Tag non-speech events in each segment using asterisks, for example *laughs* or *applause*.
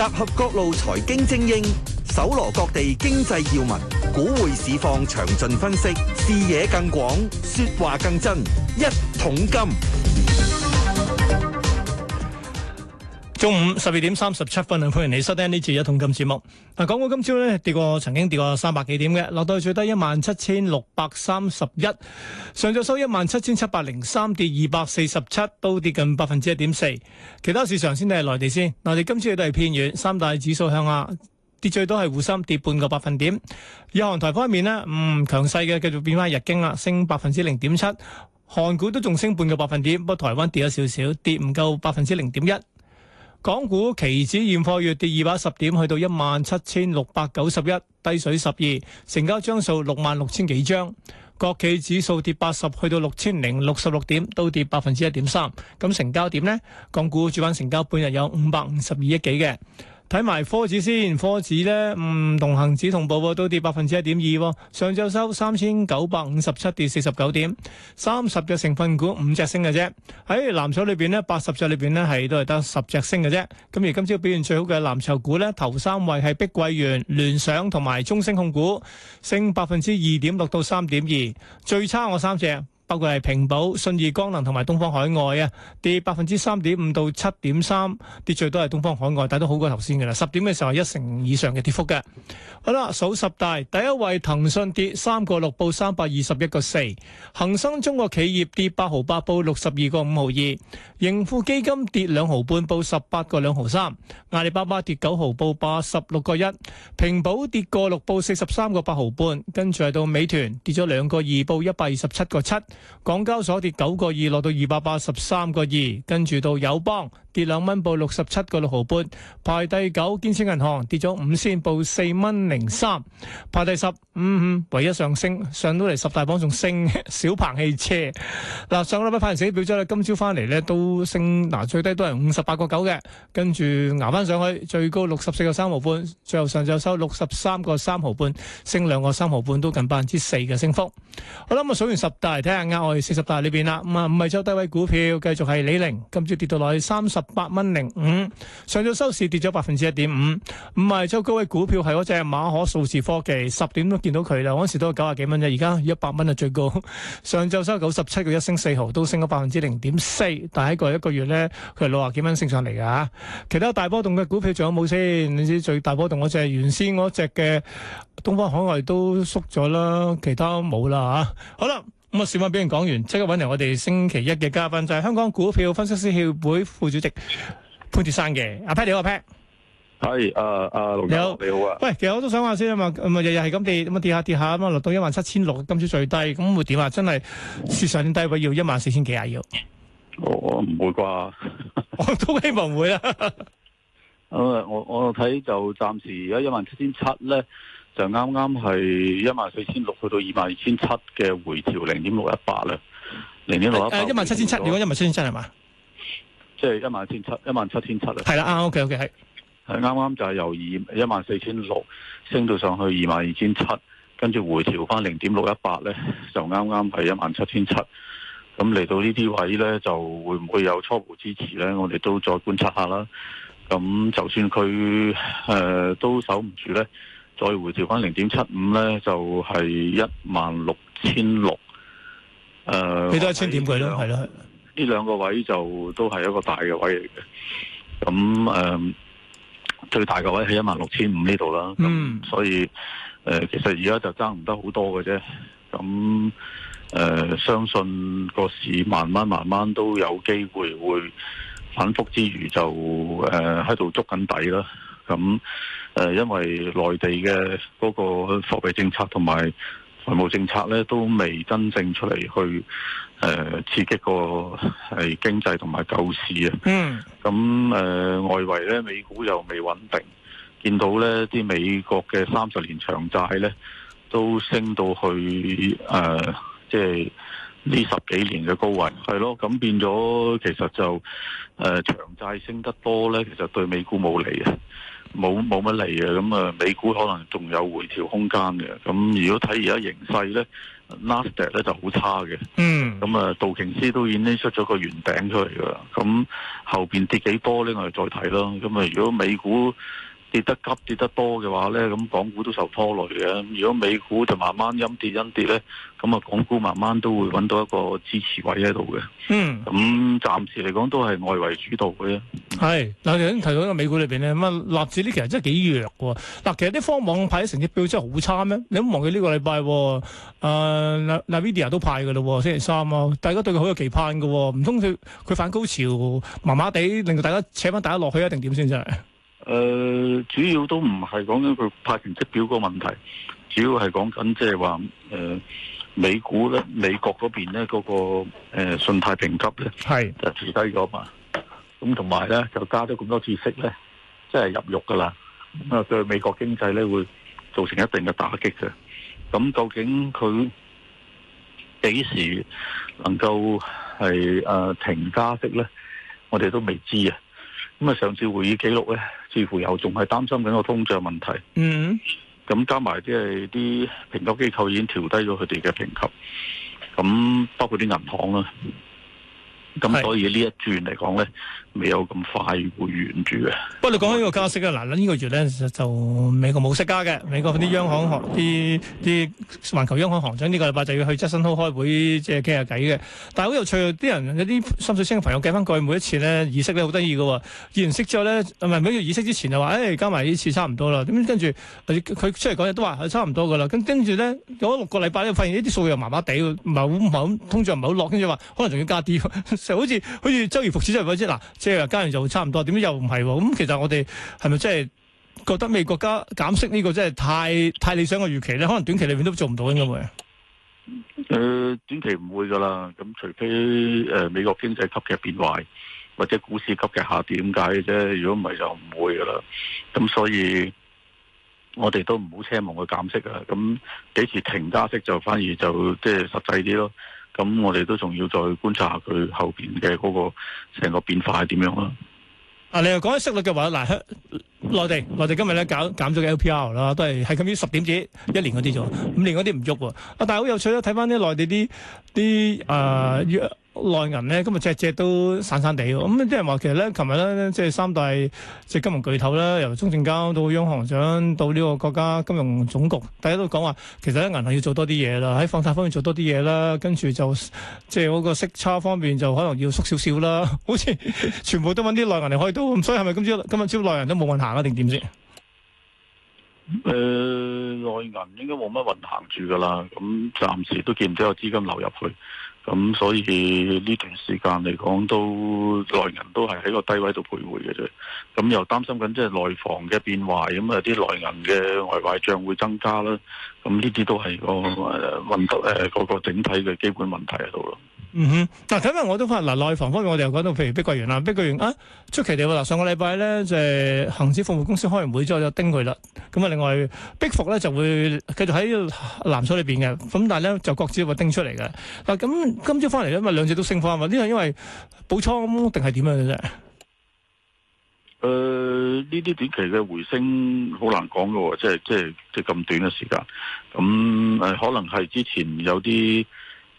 集合各路財經精英，搜羅各地經濟要聞，股匯市況詳盡分析，視野更廣，說話更真，一桶金。中午十二點三十七分，歡迎你收聽呢次一桶金節目。嗱，港股今朝呢跌過，曾經跌過三百幾點嘅，落到最低一萬七千六百三十一，上晝收一萬七千七百零三，跌二百四十七，都跌近百分之一點四。其他市場先睇內地先。內地今朝都係偏軟，三大指數向下，跌最多係滬深跌半個百分點。日韓台方面呢，嗯，強勢嘅繼續變翻日經啦，升百分之零點七，韓股都仲升半個百分點，不過台灣跌咗少少，跌唔夠百分之零點一。港股期指現貨月跌二百一十點，去到一萬七千六百九十一，低水十二，成交張數六萬六千幾張。國企指數跌八十，去到六千零六十六點，都跌百分之一點三。咁成交點呢？港股主板成交半日有五百五十二億幾嘅。睇埋科指先，科指呢唔同恒指同步報都跌百分之一點二。上晝收三千九百五十七，跌四十九點，三十隻成分股五隻升嘅啫。喺藍籌裏邊呢，八十隻裏邊呢係都係得十隻升嘅啫。咁而今朝表現最好嘅藍籌股呢，頭三位係碧桂園、聯想同埋中升控股，升百分之二點六到三點二。最差我三隻。包括係平保、信義光能同埋東方海外啊，跌百分之三點五到七點三，跌最多係東方海外，但都好過頭先嘅啦。十點嘅時候一成以上嘅跌幅嘅。好啦，數十大第一位，騰訊跌三個六，報三百二十一個四；恒生中國企業跌八毫八，報六十二個五毫二；盈富基金跌兩毫半，報十八個兩毫三；阿里巴巴跌九毫，報八十六個一；平保跌個六，報四十三個八毫半。跟住係到美團跌咗兩個二，報一百二十七個七。港交所跌九個二，落到二百八十三個二，跟住到友邦跌兩蚊，報六十七個六毫半，排第九；建設銀行跌咗五仙，報四蚊零三，排第十。嗯嗯，唯一上升上到嚟十大榜，仲升小鵬汽車。嗱，上個禮拜反而死表咗啦，今朝翻嚟呢都升，嗱，最低都係五十八個九嘅，跟住捱翻上去，最高六十四個三毫半，最後上晝收六十三個三毫半，升兩個三毫半，都近百分之四嘅升幅。好啦，我數完十大，聽下。額外四十大呢邊啦，咁啊唔係周低位股票，繼續係李寧，今次跌到落去三十八蚊零五，上晝收市跌咗百分之一點五。唔係周高位股票，係嗰隻馬可數字科技，十點都見到佢啦，嗰時都九十幾蚊啫，而家一百蚊係最高。上晝收九十七個一升四毫，都升咗百分之零點四。但係一個一個月咧，佢六十幾蚊升上嚟㗎。吓。其他大波動嘅股票仲有冇先？你知最大波動嗰隻原先嗰隻嘅東方海外都縮咗啦，其他冇啦吓。好啦。咁、嗯、啊，小品俾人講完，即刻揾嚟我哋星期一嘅嘉賓，就係、是、香港股票分析師協會副主席潘鐵珊嘅。阿 p a t 你好阿 p a t e r 係，誒、hey, 誒、uh, uh,，你好，你好啊。喂，其實我想都想話先啊嘛，唔日日係咁跌，咁啊跌下跌下咁啊，落到一萬七千六，今朝最低，咁會怎樣點、oh, 會啊？真係說上年低位要一萬四千幾啊要？我唔會啩？我都希望唔會啦。 *laughs* 我我睇就暫時而家一萬七千七咧，就啱啱係一萬四千六去到二萬二千七嘅回調零點六一八啦，零點六一八。誒，一萬七千七，如果一萬七千七係嘛？即係一萬七千七，一萬七千七啊。係啦，啱。OK，OK，係。係啱啱就係由二一萬四千六升到上去二萬二千七，跟住回調翻零點六一八咧，就啱啱係一萬七千七。咁嚟到呢啲位咧，就會唔會有初步支持咧？我哋都再觀察下啦。咁就算佢誒、呃、都守唔住咧，再回調翻零點七五咧，就係、是、一萬六千六。誒，俾多一千點佢啦，係啦。呢兩個位就都係一個大嘅位嚟嘅。咁、嗯、誒、呃，最大嘅位係一萬六千五呢度啦。咁、嗯、所以、呃、其實而家就爭唔得好多嘅啫。咁、呃、誒，相信個市慢慢慢慢都有機會會。反覆之餘，就誒喺度捉緊底啦。咁誒，因為內地嘅嗰個貨幣政策同埋財務政策咧，都未真正出嚟去誒刺激個係經濟同埋救市啊。嗯。咁誒外圍咧，美股又未穩定，見到咧啲美國嘅三十年長債咧都升到去誒，即、呃、係。就是呢十幾年嘅高位，係咯，咁變咗其實就誒長債升得多咧，其實對美股冇利呀，冇冇乜利呀，咁啊美股可能仲有回調空間嘅。咁如果睇而家形勢咧，Nasdaq 咧就好差嘅，嗯，咁啊道瓊斯都已經出咗個圓頂出嚟㗎，咁後邊跌幾多咧，我哋再睇咯。咁啊，如果美股，跌得急跌得多嘅話咧，咁港股都受拖累嘅。如果美股就慢慢陰跌陰跌咧，咁啊港股慢慢都會揾到一個支持位喺度嘅。嗯，咁暫時嚟講都係外圍主導嘅。係嗱，但我哋已經提到咧，美股裏邊咧乜納指呢其實真係幾弱。嗱，其實啲方網派成績表真係好差咩？你唔忘記呢個禮拜、啊，誒、呃，嗱 Nvidia 都派噶啦，星期三啊，大家對佢好有期盼噶、啊。唔通佢佢反高潮，麻麻地令到大家扯翻大家落去一定點先真係？誒、呃，主要都唔係講緊佢派成績表個問題，主要係講緊即係話誒，美股咧，美國嗰邊咧嗰個誒、呃、信貸評級咧係就跌低咗嘛，咁同埋咧就加咗咁多次息咧，即係入肉噶啦，咁啊對美國經濟咧會造成一定嘅打擊嘅，咁究竟佢幾時能夠係誒停加息咧？我哋都未知啊，咁啊上次會議記錄咧。似乎又仲係擔心緊個通脹問題，mm. 咁加埋即係啲評級機構已經調低咗佢哋嘅評級，咁包括啲銀行啦。咁所以呢一轉嚟講咧，未有咁快會完住嘅。不過你講起個加息咧，嗱呢個月咧，其實就美國冇息加嘅。美國啲央行行啲啲環球央行行長呢個禮拜就要去質詢會開會，即係傾下偈嘅。但係好有趣啊！啲人有啲心水清嘅朋友計翻過去每一次咧，議息咧好得意嘅喎。議息之後咧，係咪每月議息之前就話，誒、哎、加埋呢次差唔多啦。點跟住佢出嚟講嘢都話差唔多嘅啦。跟、哎、跟住咧，有咗六個禮拜咧，發現呢啲數字又麻麻地，唔係好通脹唔係好落，跟住話可能仲要加啲。就好似好似周而復始就係點先嗱，即係加完就差唔多，點解又唔係，啊？咁、嗯、其實我哋係咪真係覺得美國家減息呢個真係太太理想嘅預期咧？可能短期裏面都做唔到應該會。誒、嗯呃，短期唔會噶啦，咁除非誒、呃、美國經濟急劇變壞，或者股市急劇下跌點解嘅啫？如果唔係就唔會噶啦。咁所以我哋都唔好奢望佢減息啊。咁幾時停加息就反而就即係、就是、實際啲咯。咁我哋都仲要再觀察下佢後面嘅嗰個成個變化係點樣啦。啊，你又講起息率嘅話，嗱，內地內地今日咧搞減咗嘅 LPR 啦，都係係咁於十點子，一年嗰啲咗，五年嗰啲唔喐喎。啊，但係好有趣啦，睇翻啲內地啲啲誒內銀咧今日隻隻都散散地，咁、嗯、啲人話其實咧，琴日咧即係三大即係金融巨頭啦，由中證監到央行長到呢個國家金融總局，大家都講話，其實咧銀行要做多啲嘢啦，喺放貸方面做多啲嘢啦，跟住就即係嗰個息差方面就可能要縮少少啦，好似全部都搵啲內銀嚟開刀咁，所以係咪今朝今日朝內銀都冇運行啊？定點先？誒、呃，內銀應該冇乜運行住噶啦，咁暫時都見唔到有資金流入去。咁所以呢段時間嚟講都內銀都係喺個低位度徘徊嘅啫。咁又擔心緊即係內房嘅變壞，咁啊啲內銀嘅外壞賬會增加啦。咁呢啲都係個運得誒，個,個整體嘅基本問題喺度咯。嗯哼，嗱、啊，今日我都發，嗱，內房方面我哋又講到，譬如碧桂園啦，碧桂園啊，出奇地喎，上個禮拜咧就係恒指服務公司開完會之後就叮佢啦，咁啊，另外，碧服咧就會繼續喺藍籌裏邊嘅，咁但係咧就各自會叮出嚟嘅，嗱、啊，咁、嗯、今朝翻嚟因為兩隻都升翻，呢個因為補倉定係點樣嘅啫？誒、呃，呢啲短期嘅回升好難講嘅，即係即係即係咁短嘅時間，咁、嗯、誒、呃，可能係之前有啲。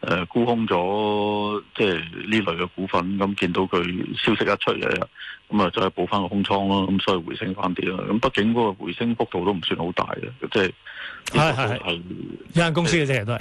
誒、呃，沽空咗即係呢類嘅股份，咁、嗯、見到佢消息一出嚟，咁、嗯、啊再補翻個空倉咯，咁、嗯、所以回升翻啲啦。咁、嗯、畢竟嗰個回升幅度都唔算好大嘅，即係係係係，一間、就是、公司嘅啫都係。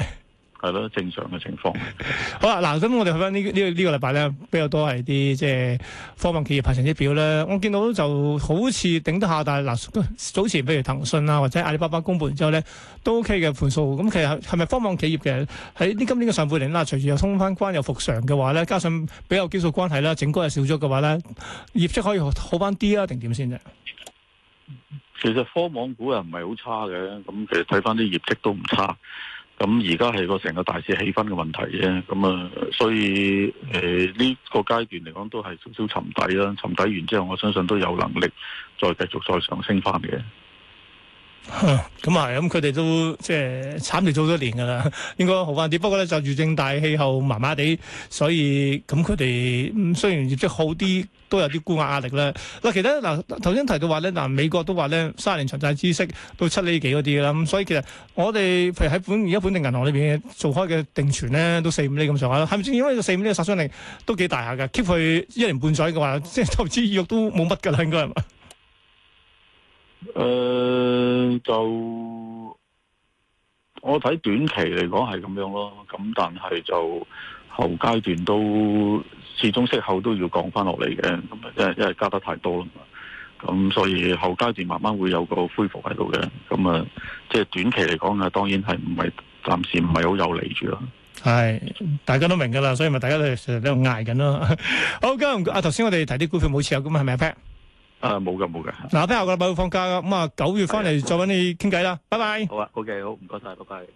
係咯，正常嘅情況。 *laughs* 好啦、啊，嗱，咁我哋去翻呢呢個呢個禮拜咧，比較多係啲即係科網企業派成績表咧。我見到就好似頂得下，但係嗱早前，譬如騰訊啊或者阿里巴巴公布完之後咧，都 OK 嘅盤數。咁其實係咪科網企業嘅喺呢今年嘅上半年啦，隨住又通翻關又復常嘅話咧，加上比較基數關係啦，整個係少咗嘅話咧，業績可以好翻啲啊？定點先啫？其實科網股又唔係好差嘅，咁其實睇翻啲業績都唔差。咁而家係個成個大市氣氛嘅問題啫，咁啊，所以誒呢個階段嚟講都係少少沉底啦，沉底完之後，我相信都有能力再繼續再上升返嘅。咁、嗯、啊，咁佢哋都即係慘做咗好多年噶啦，應該好翻啲。不過咧就住正大氣候麻麻地，所以咁佢哋雖然業績好啲，都有啲沽壓壓力啦。嗱，其實嗱，頭先提到話咧，嗱，美國都話咧卅年長債孳息都七厘幾嗰啲啦。咁所以其實我哋譬如喺本而家本地銀行裏邊做開嘅定存咧，都四五厘咁上下啦。係咪先？因為四五厘殺傷力都幾大下嘅，keep 佢一年半載嘅話，即係投資意欲都冇乜噶啦，應該係嘛？誒、呃，就我睇短期嚟講係咁樣咯，咁但係就後階段都始終息口都要降翻落嚟嘅，咁因因為加得太多啦，咁所以後階段慢慢會有個恢復喺度嘅。咁啊即係短期嚟講啊，當然係唔係暫時唔係好有利住咯。係，大家都明噶啦，所以咪大家都成日都喺度挨緊咯。 *laughs* 好，今日啊，頭先我哋提啲股票冇持有，咁係咪啊 Pat？誒、啊，冇噶冇噶。嗱，聽下個禮拜會放假㗎。咁啊九月翻嚟再揾你傾偈啦，拜拜。好啊，OK，好，唔該晒，拜拜！